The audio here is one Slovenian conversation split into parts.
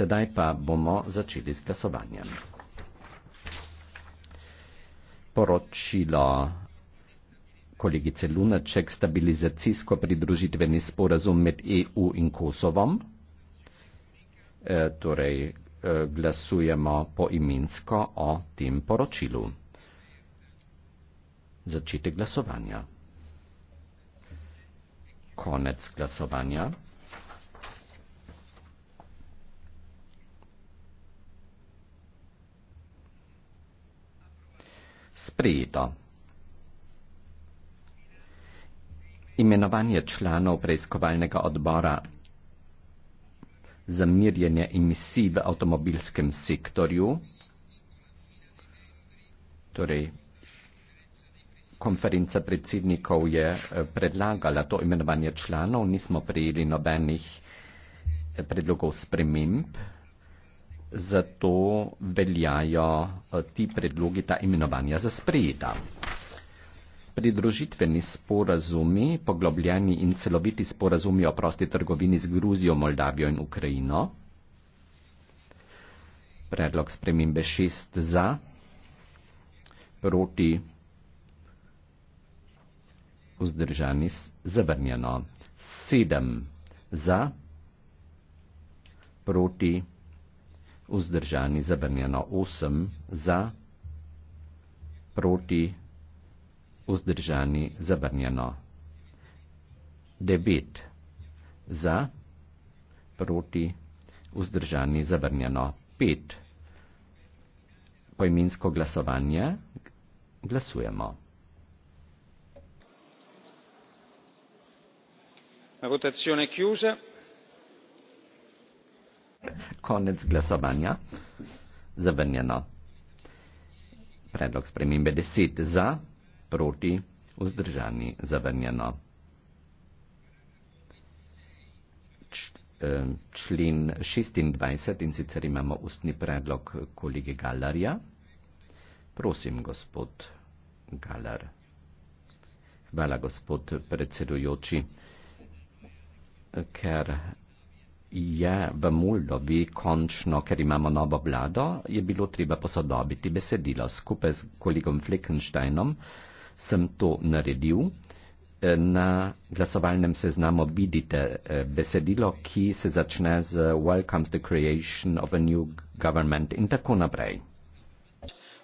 Sedaj pa bomo začeli z glasovanjem. Poročilo kolegice Lunaček, stabilizacijsko pridružitveni sporazum med EU in Kosovom. E, torej, e, glasujemo poimensko o tem poročilu. Začetek glasovanja. Konec glasovanja. sprejeto. Imenovanje članov preiskovalnega odbora za mirjenje emisij v avtomobilskem sektorju, torej konferenca predsednikov je eh, predlagala to imenovanje članov, nismo prejeli nobenih eh, predlogov sprememb zato veljajo eh, ti predlogi, ta imenovanja za sprejeta. Pridružitveni sporazumi, poglobljeni in celoviti sporazumi o prosti trgovini z Gruzijo, Moldavijo in Ukrajino. Predlog spremembe 6 za, proti, vzdržani, zavrnjeno. 7 za, proti, vzdržani vzdržani zabrnjeno 8, za, proti, vzdržani zabrnjeno 9, za, proti, vzdržani zabrnjeno 5. Pojminsko glasovanje glasujemo. La votazione è chiusa konec glasovanja. Zavrnjeno. Predlog spremembe 10 za, proti, vzdržani, zavrnjeno. Eh, člen 26 in sicer imamo ustni predlog kolege Galarja. Prosim, gospod Galar. Hvala, gospod predsedujoči. Ker je v Moldovi končno, ker imamo novo vlado, je bilo treba posodobiti besedilo. Skupaj s kolegom Fleckensteinom sem to naredil. E, na glasovalnem seznamu vidite e, besedilo, ki se začne z Welcome to the creation of a new government in tako naprej.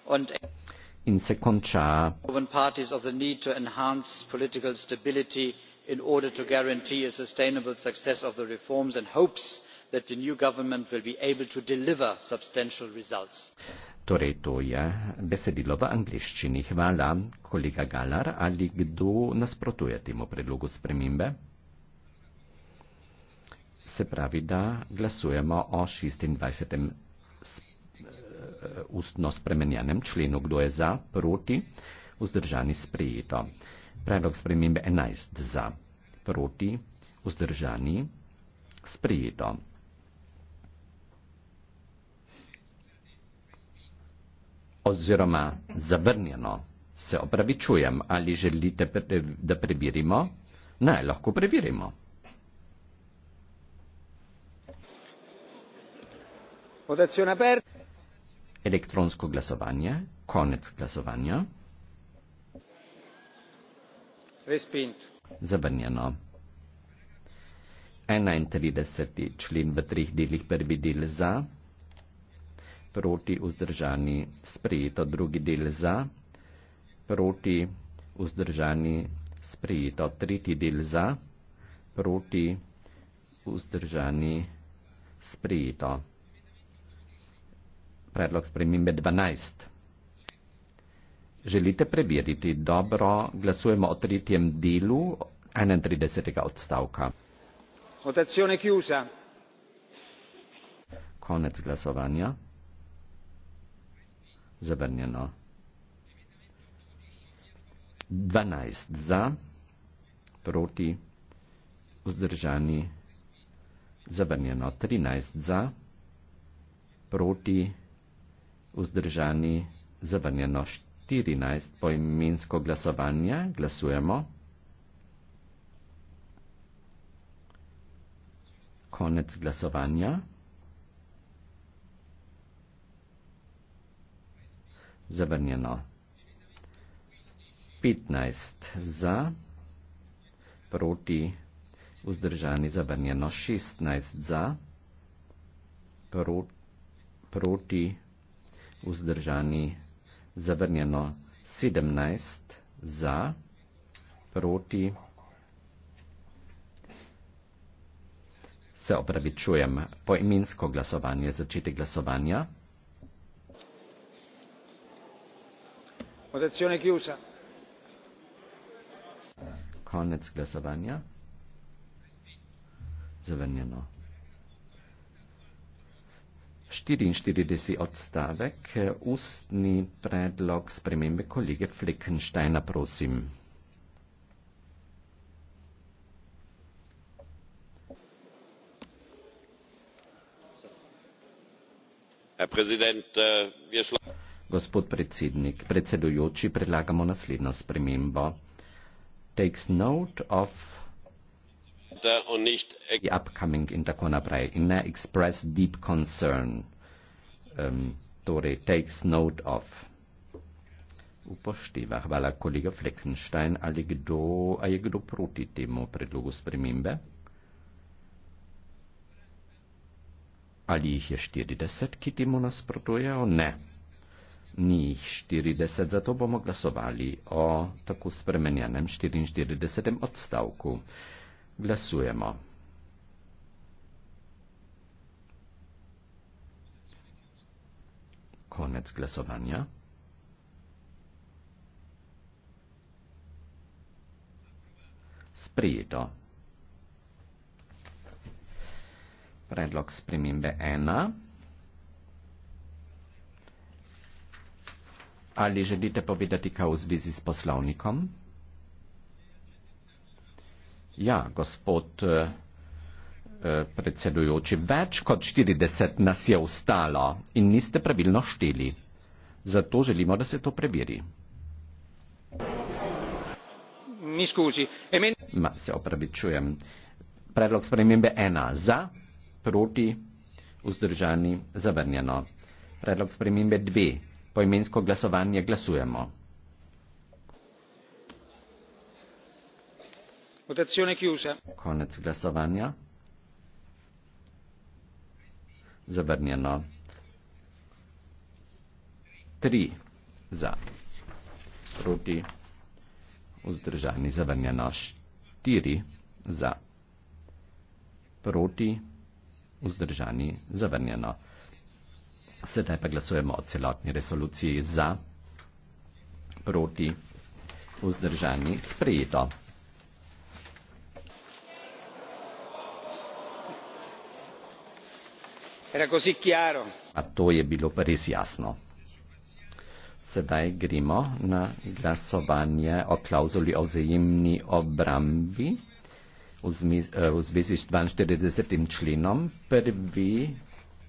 And in se konča in order to guarantee a sustainable success of the reforms and hopes that the new government will be able to deliver substantial results. Torej, to je besedilo v angliščini. Hvala, kolega Galar. Ali kdo nasprotuje temu predlogu spremembe? Se pravi, da glasujemo o 26. Eh, ustno spremenjenem členu. Kdo je za? Proti? vzdržani sprejeto. Predlog spremembe 11 za, proti, vzdržani sprejeto. Oziroma zavrnjeno. Se opravičujem, ali želite, da preverimo? Ne, lahko preverimo. Elektronsko glasovanje, konec glasovanja. Zavrnjeno. 31. člen v treh delih prvi del za, proti vzdržani sprejeto drugi del za, proti vzdržani sprejeto tretji del za, proti vzdržani sprejeto. Predlog spremembe 12. Želite preveriti dobro, glasujemo o tretjem delu 31. odstavka. Votazione chiusa. Konec glasovanja. Zavrnjeno. 12 za, proti, vzdržani. Zavrnjeno. 13 za, proti, vzdržani. Zavrnjeno. 14. 14 poimensko glasovanje, glasujemo. Konec glasovanja. Zavrnjeno. 15 za, proti, vzdržani, zavrnjeno. 16 za, proti, vzdržani, zavrnjeno zavrnjeno 17 za, proti se opravičujem poimensko glasovanje, začetek glasovanja. Votazione chiusa. Konec glasovanja. Zavrnjeno 44 odstavek, ustni predlog spremembe kolege Fleckensteina, prosim. Äh, Gospod predsednik, predsedujoči, predlagamo naslednjo spremembo. Takes note of weiter und nicht. The upcoming interconabrae in a express deep concern. Um, Tore takes note of. Upošteva. Hvala, kolega Fleckenstein. Ali kdo, a je kdo proti temu predlogu spremembe? Ali jih je 40, ki temu nasprotujejo? Ne. Ni jih 40, zato bomo glasovali o tako spremenjenem 44. odstavku glasujemo. Konec glasovanja. Sprijeto. Predlog spremembe ena. Ali želite povedati, kaj v zvezi s poslovnikom? Ja, gospod eh, eh, predsedujoči, več kot 40 nas je ustalo in niste pravilno šteli. Zato želimo, da se to preveri. Ma, se opravičujem. Predlog spremembe ena za, proti, vzdržani, zavrnjeno. Predlog spremembe dve, poimensko glasovanje glasujemo. votazione chiusa konec glasovanja zavrnjeno tri za proti vzdržani zavrnjeno štiri za proti vzdržani zavrnjeno sedaj pa glasujemo o celotni resoluciji za proti vzdržani sprejeto A to je bilo pa res jasno. Sedaj gremo na glasovanje o klauzuli o vzajemni obrambi v eh, zvezi s 42. členom. Prvi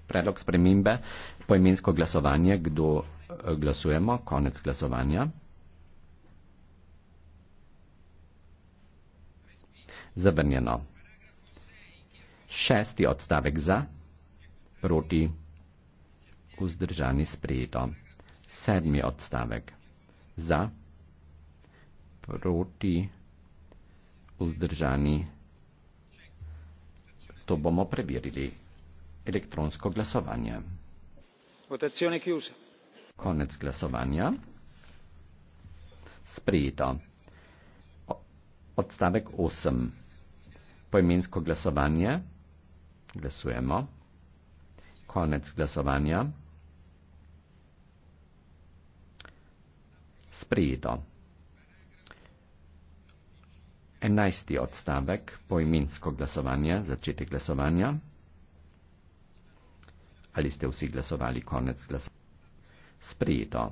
predlog spremembe, poimensko glasovanje, kdo eh, glasujemo, konec glasovanja. Zavrnjeno. Šesti odstavek za proti vzdržani sprejeto. Sedmi odstavek. Za proti vzdržani. To bomo preverili. Elektronsko glasovanje. Konec glasovanja. Sprejeto. Odstavek 8. Poimensko glasovanje. Glasujemo konec glasovanja. Sprijeto. Enajsti odstavek poimensko glasovanje, začetek glasovanja. Ali ste vsi glasovali konec glasovanja? Sprijeto.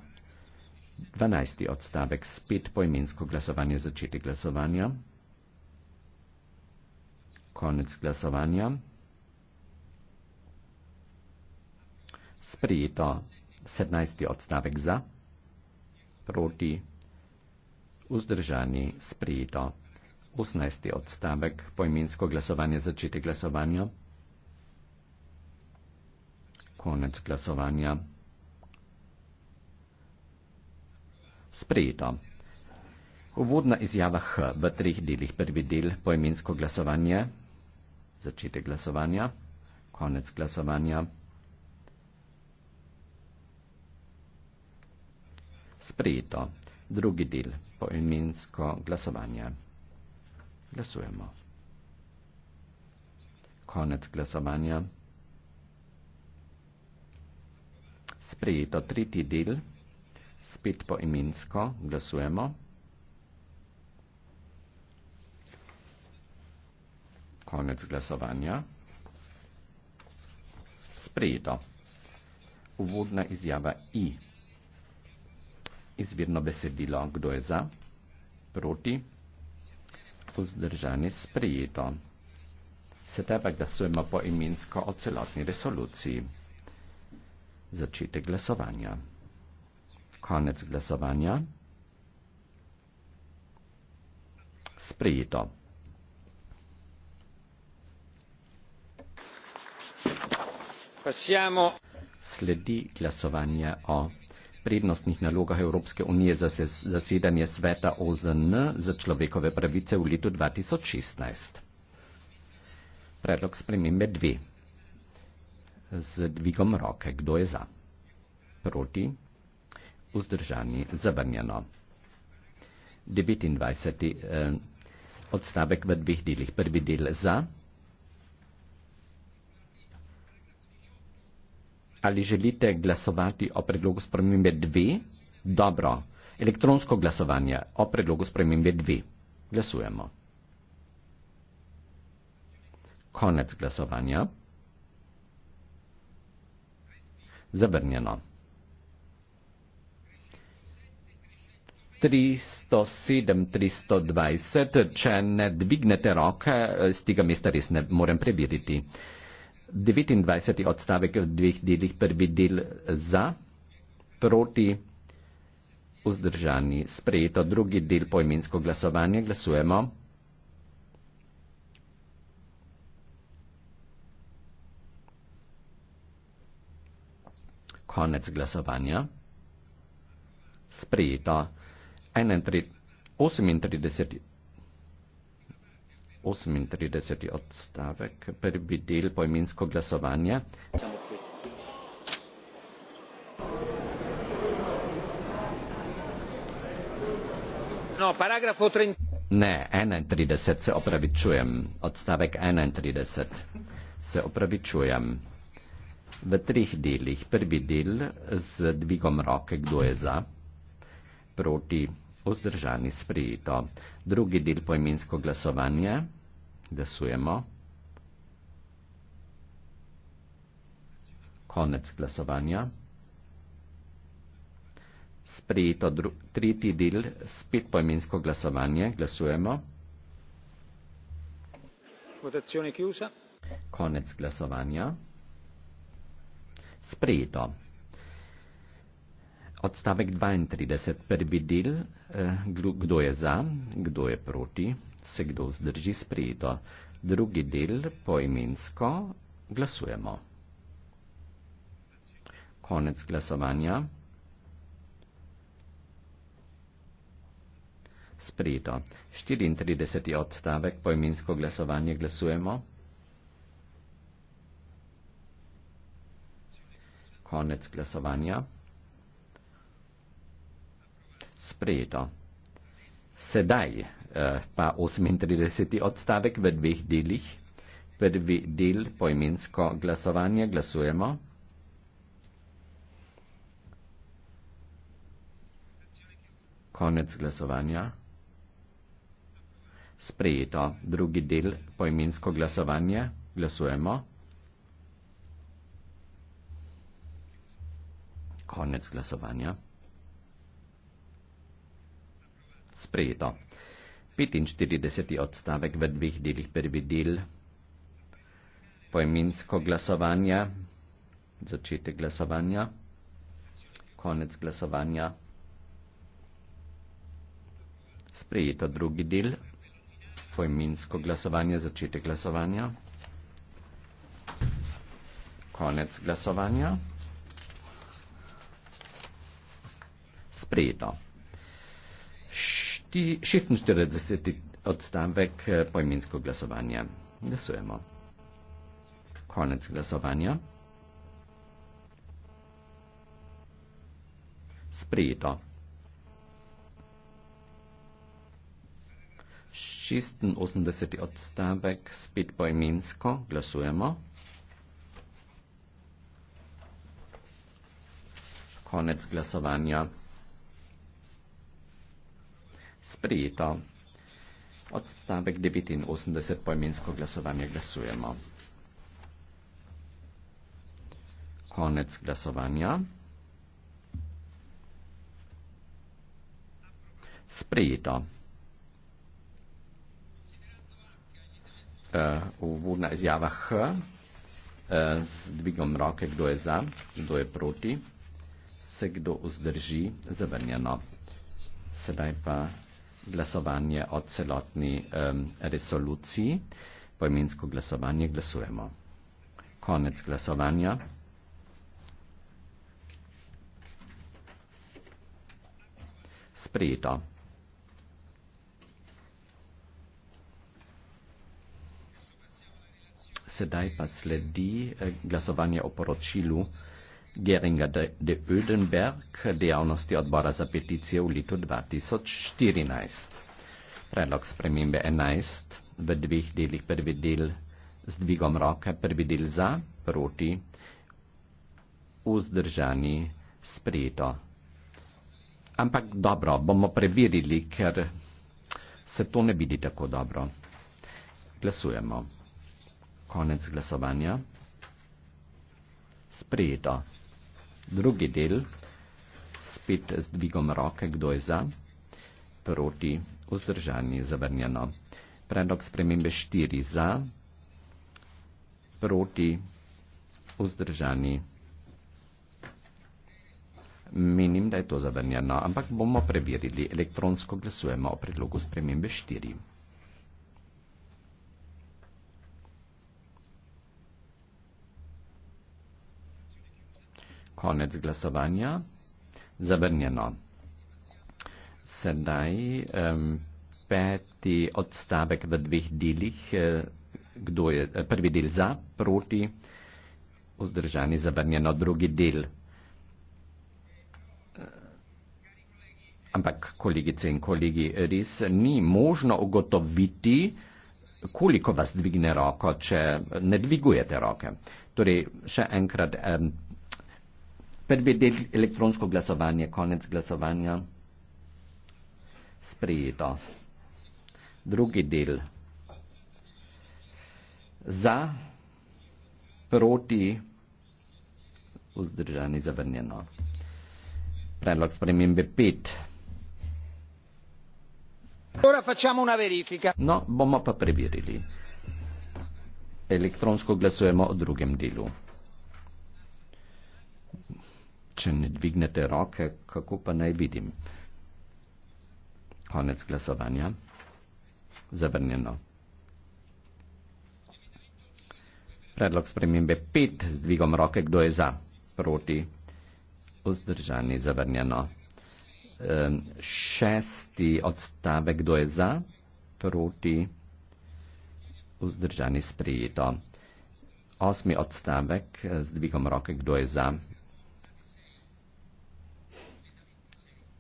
Dvanajsti odstavek spet poimensko glasovanje, začetek glasovanja. Konec glasovanja. sprejeto 17. odstavek za, proti, vzdržani sprejeto 18. odstavek poimensko glasovanje začete glasovanja, konec glasovanja sprejeto. Uvodna izjava H v treh delih prvi del poimensko glasovanje, začete glasovanja, konec glasovanja. sprejeto. Drugi del poimensko glasovanje. Glasujemo. Konec glasovanja. Sprejeto tretji del, spet poimensko glasujemo. Konec glasovanja. Sprejeto. Uvodna izjava I izvirno besedilo, kdo je za, proti, vzdržani, sprejeto. Sedaj pa glasujemo po imensko o celotni resoluciji. Začetek glasovanja. Konec glasovanja. Sprejeto. Pasiamo. Sledi glasovanje o prednostnih nalogah Evropske unije za zasedanje sveta OZN za človekove pravice v letu 2016. Predlog spremembe dve. Z dvigom roke, kdo je za? Proti? Vzdržani? Zavrnjeno. 29. Eh, odstavek v dveh delih. Prvi del za. Ali želite glasovati o predlogu spremembe 2? Dobro. Elektronsko glasovanje o predlogu spremembe 2. Glasujemo. Konec glasovanja. Zavrnjeno. 307, 320, če ne dvignete roke, z eh, tega mesta res ne morem preveriti. 29. odstavek v dveh delih, prvi del za, proti, vzdržani, sprejeto, drugi del poimensko glasovanje, glasujemo. Konec glasovanja. Sprejeto. 38. 38. odstavek, prvi del pojminsko glasovanje. No, ne, 31 se opravičujem. Odstavek 31 se opravičujem. V trih delih. Prvi del z dvigom roke, kdo je za, proti, vzdržani, sprijeto. Drugi del pojminsko glasovanje da sujemo. Konec glasovanja. Sprejeto tretji del, spet poimensko glasovanje. Glasujemo. Konec glasovanja. Sprejeto. Odstavek 32. Prvi del, eh, kdo je za, kdo je proti, se kdo zdrži sprejeto. Drugi del, poimensko, glasujemo. Konec glasovanja. Sprejeto. 34. odstavek, poimensko glasovanje, glasujemo. Konec glasovanja sprejeto. Sedaj eh, pa 38. odstavek v dveh delih. Prvi del poimensko glasovanje glasujemo. Konec glasovanja. Sprejeto. Drugi del poimensko glasovanje glasujemo. Konec glasovanja. sprejeto. 45. odstavek v dveh delih prvi del pojminsko glasovanje, začetek glasovanja, konec glasovanja, sprejeto drugi del pojminsko glasovanje, začetek glasovanja, konec glasovanja, sprejeto. Ti 46. odstavek eh, pojmensko glasovanja. Glasujemo. Konec glasovanja. Sprejeto. 86. odstavek, spet pojmensko, glasujemo. Konec glasovanja sprejeta. Odstavek 89 poimensko glasovanje glasujemo. Konec glasovanja. Sprejeto. Eh, uvodna uh, izjava H uh, z dvigom roke, kdo je za, kdo je proti, se kdo vzdrži, zavrnjeno. Sedaj pa glasovanje o celotni um, resoluciji, poimensko glasovanje glasujemo. Konec glasovanja. Sprejeto. Sedaj pa sledi eh, glasovanje o poročilu. Geringa de, de Ödenberg, dejavnosti odbora za peticije v letu 2014. Predlog spremembe 11 v dveh delih, prvi del z dvigom roke, prvi del za, proti, vzdržani, sprejeto. Ampak dobro, bomo preverili, ker se to ne vidi tako dobro. Glasujemo. Konec glasovanja. Sprejeto drugi del, spet z dvigom roke, kdo je za, proti, vzdržani, zavrnjeno. Predlog spremembe 4 za, proti, vzdržani. Menim, da je to zavrnjeno, ampak bomo preverili. Elektronsko glasujemo o predlogu spremembe 4. Konec glasovanja. Zavrnjeno. Sedaj um, peti odstavek v dveh delih. Eh, kdo je eh, prvi del za, proti, vzdržani, zavrnjeno, drugi del. Ampak, kolegice in kolegi, res ni možno ugotoviti, koliko vas dvigne roko, če ne dvigujete roke. Torej, še enkrat, Prvi del elektronsko glasovanje, konec glasovanja, sprejeto. Drugi del. Za, proti, vzdržani, zavrnjeno. Predlog spremembe 5. Ora facciamo una verifica. No, bomo pa preverili. Elektronsko glasujemo o drugem delu če ne dvignete roke, kako pa naj vidim? Konec glasovanja. Zavrnjeno. Predlog spremembe 5 z dvigom roke, kdo je za, proti, vzdržani, zavrnjeno. E, šesti odstavek, kdo je za, proti, vzdržani, sprejeto. Osmi odstavek eh, z dvigom roke, kdo je za,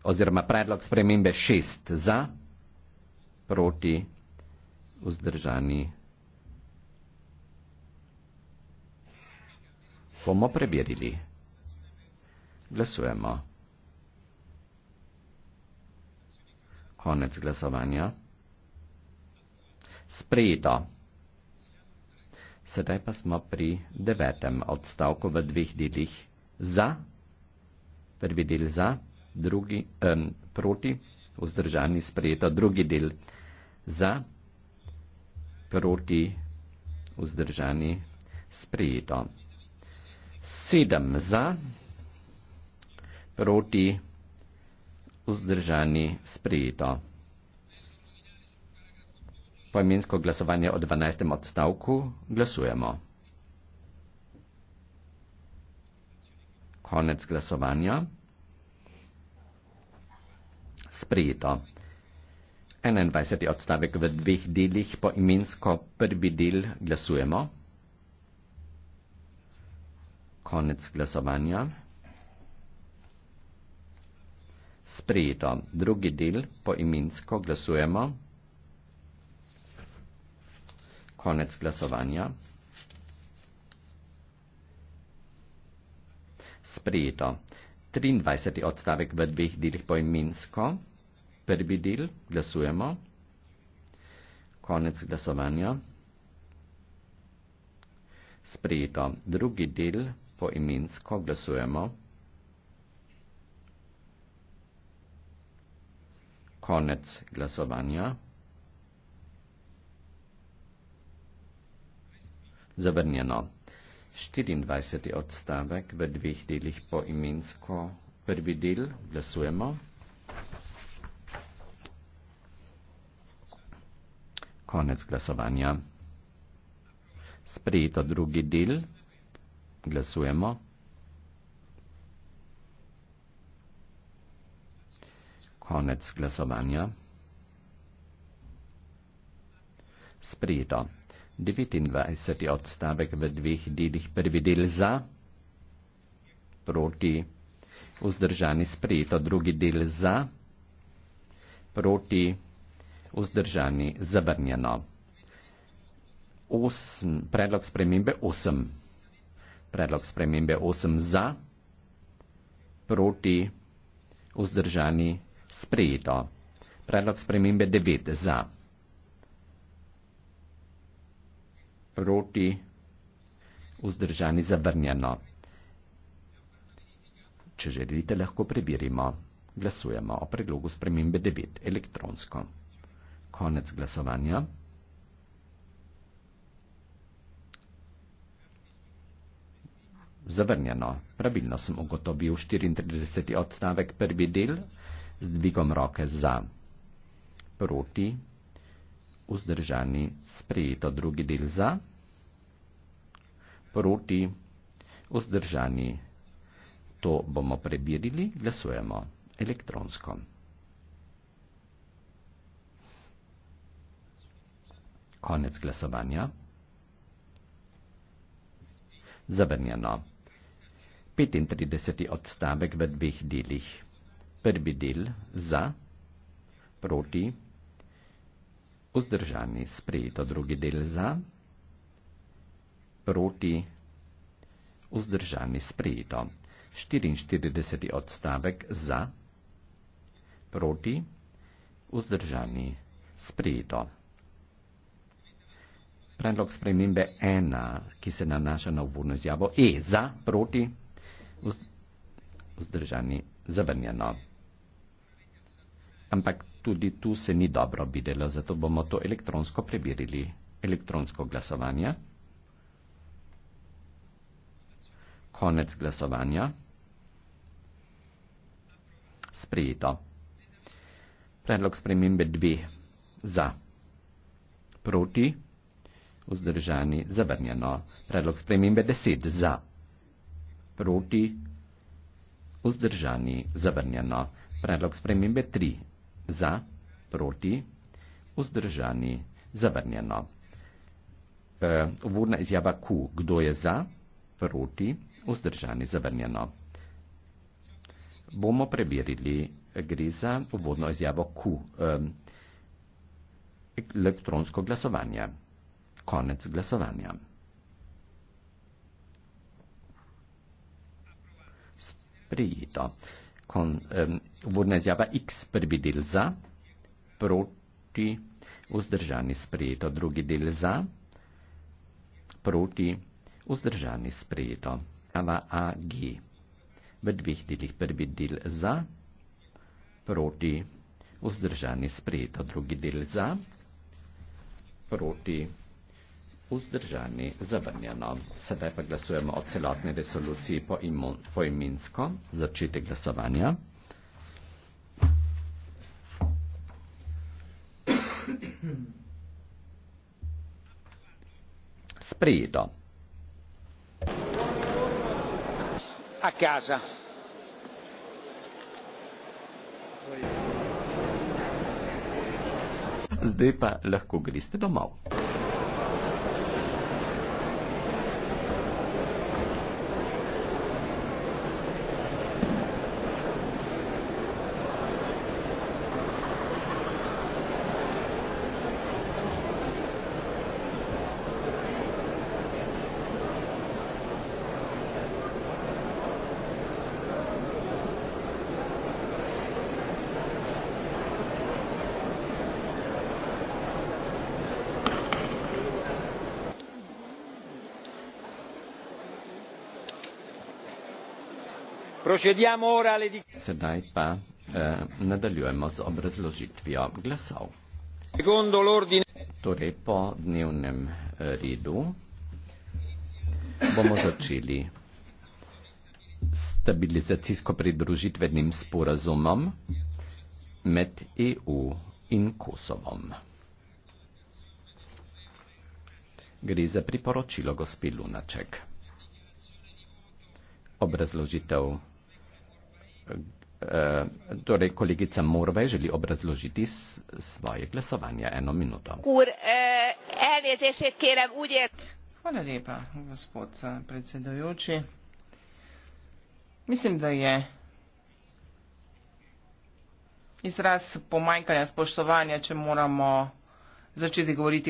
oziroma predlog spremembe šest za, proti, vzdržani. Bomo preverili. Glasujemo. Konec glasovanja. Sprejeto. Sedaj pa smo pri devetem odstavku v dveh delih za. Prvi del za, drugi, um, proti, vzdržani sprejeto, drugi del za, proti, vzdržani sprejeto. Sedem za, proti, vzdržani sprejeto. Poimensko glasovanje o 12. odstavku glasujemo. Konec glasovanja sprejeto. 21. odstavek v dveh delih po imensko prvi del glasujemo. Konec glasovanja. Sprejeto. Drugi del po imensko glasujemo. Konec glasovanja. Sprejeto. 23. odstavek v dveh delih po imensko glasujemo prvi del, glasujemo. Konec glasovanja. Sprejeto. Drugi del poimensko glasujemo. Konec glasovanja. Zavrnjeno. 24. odstavek v dveh delih poimensko. Prvi del glasujemo. Konec glasovanja. Sprejeto drugi del. Glasujemo. Konec glasovanja. Sprejeto. 29. odstavek v dveh delih. Prvi del za, proti, vzdržani. Sprejeto drugi del za, proti vzdržani zabrnjeno. Osm, predlog spremembe 8. Predlog spremembe 8 za, proti, vzdržani sprejeto. Predlog spremembe 9 za, proti, vzdržani zabrnjeno. Če želite, lahko preverimo. Glasujemo o predlogu spremembe 9 elektronsko konec glasovanja. Zavrnjeno, pravilno sem ugotovil 34. odstavek prvi del z dvigom roke za, proti, vzdržani, sprejeto drugi del za, proti, vzdržani. To bomo preverili, glasujemo elektronsko. Konec glasovanja. Zavrnjeno. 35. odstavek v dveh delih. Prvi del za, proti, vzdržani, sprejeto drugi del za, proti, vzdržani, sprejeto. 44. odstavek za, proti, vzdržani, sprejeto predlog spremembe ena, ki se nanaša na uvodno izjavo E za, proti, vzdržani, zavrnjeno. Ampak tudi tu se ni dobro videlo, zato bomo to elektronsko preverili. Elektronsko glasovanje. Konec glasovanja. Sprejeto. Predlog spremembe dve. Za. Proti vzdržani, zavrnjeno. Predlog spremembe 10 za, proti, vzdržani, zavrnjeno. Predlog spremembe 3 za, proti, vzdržani, zavrnjeno. E, uvodna izjava Q. Kdo je za, proti, vzdržani, zavrnjeno. Bomo preverili, gre za uvodno izjavo Q. E, elektronsko glasovanje konec glasovanja. Sprijeto. Kon, um, vodna izjava X prvi del za, proti, vzdržani sprijeto, drugi del za, proti, vzdržani sprijeto. Ava A, G. V dveh delih prvi del za, proti, vzdržani sprijeto, drugi del za, proti, vzdržani sprijeto vzdržani, zabrnjeno. Sedaj pa glasujemo o celotni resoluciji po, imun, po iminsko. Začite glasovanja. Sprejeto. A casa. Zdaj pa lahko greste domov. Procediamo ora alle dichiarazioni. Sedaj pa eh, nadaljujemo z obrazložitvijo glasov. Secondo l'ordine. Torej po dnevnem eh, redu bomo začeli stabilizacijsko-pridružitvenim sporazumom med EU in Kosovom. Gre za priporočilo gospe Lunaček. Obrazložitev. Eh, torej, kolegica Morvej želi obrazložiti svoje glasovanje eno minuto. Kur, eh, kérem, je... Hvala lepa, gospod eh, predsedujoči. Mislim, da je izraz pomanjkanja spoštovanja, če moramo začeti govoriti.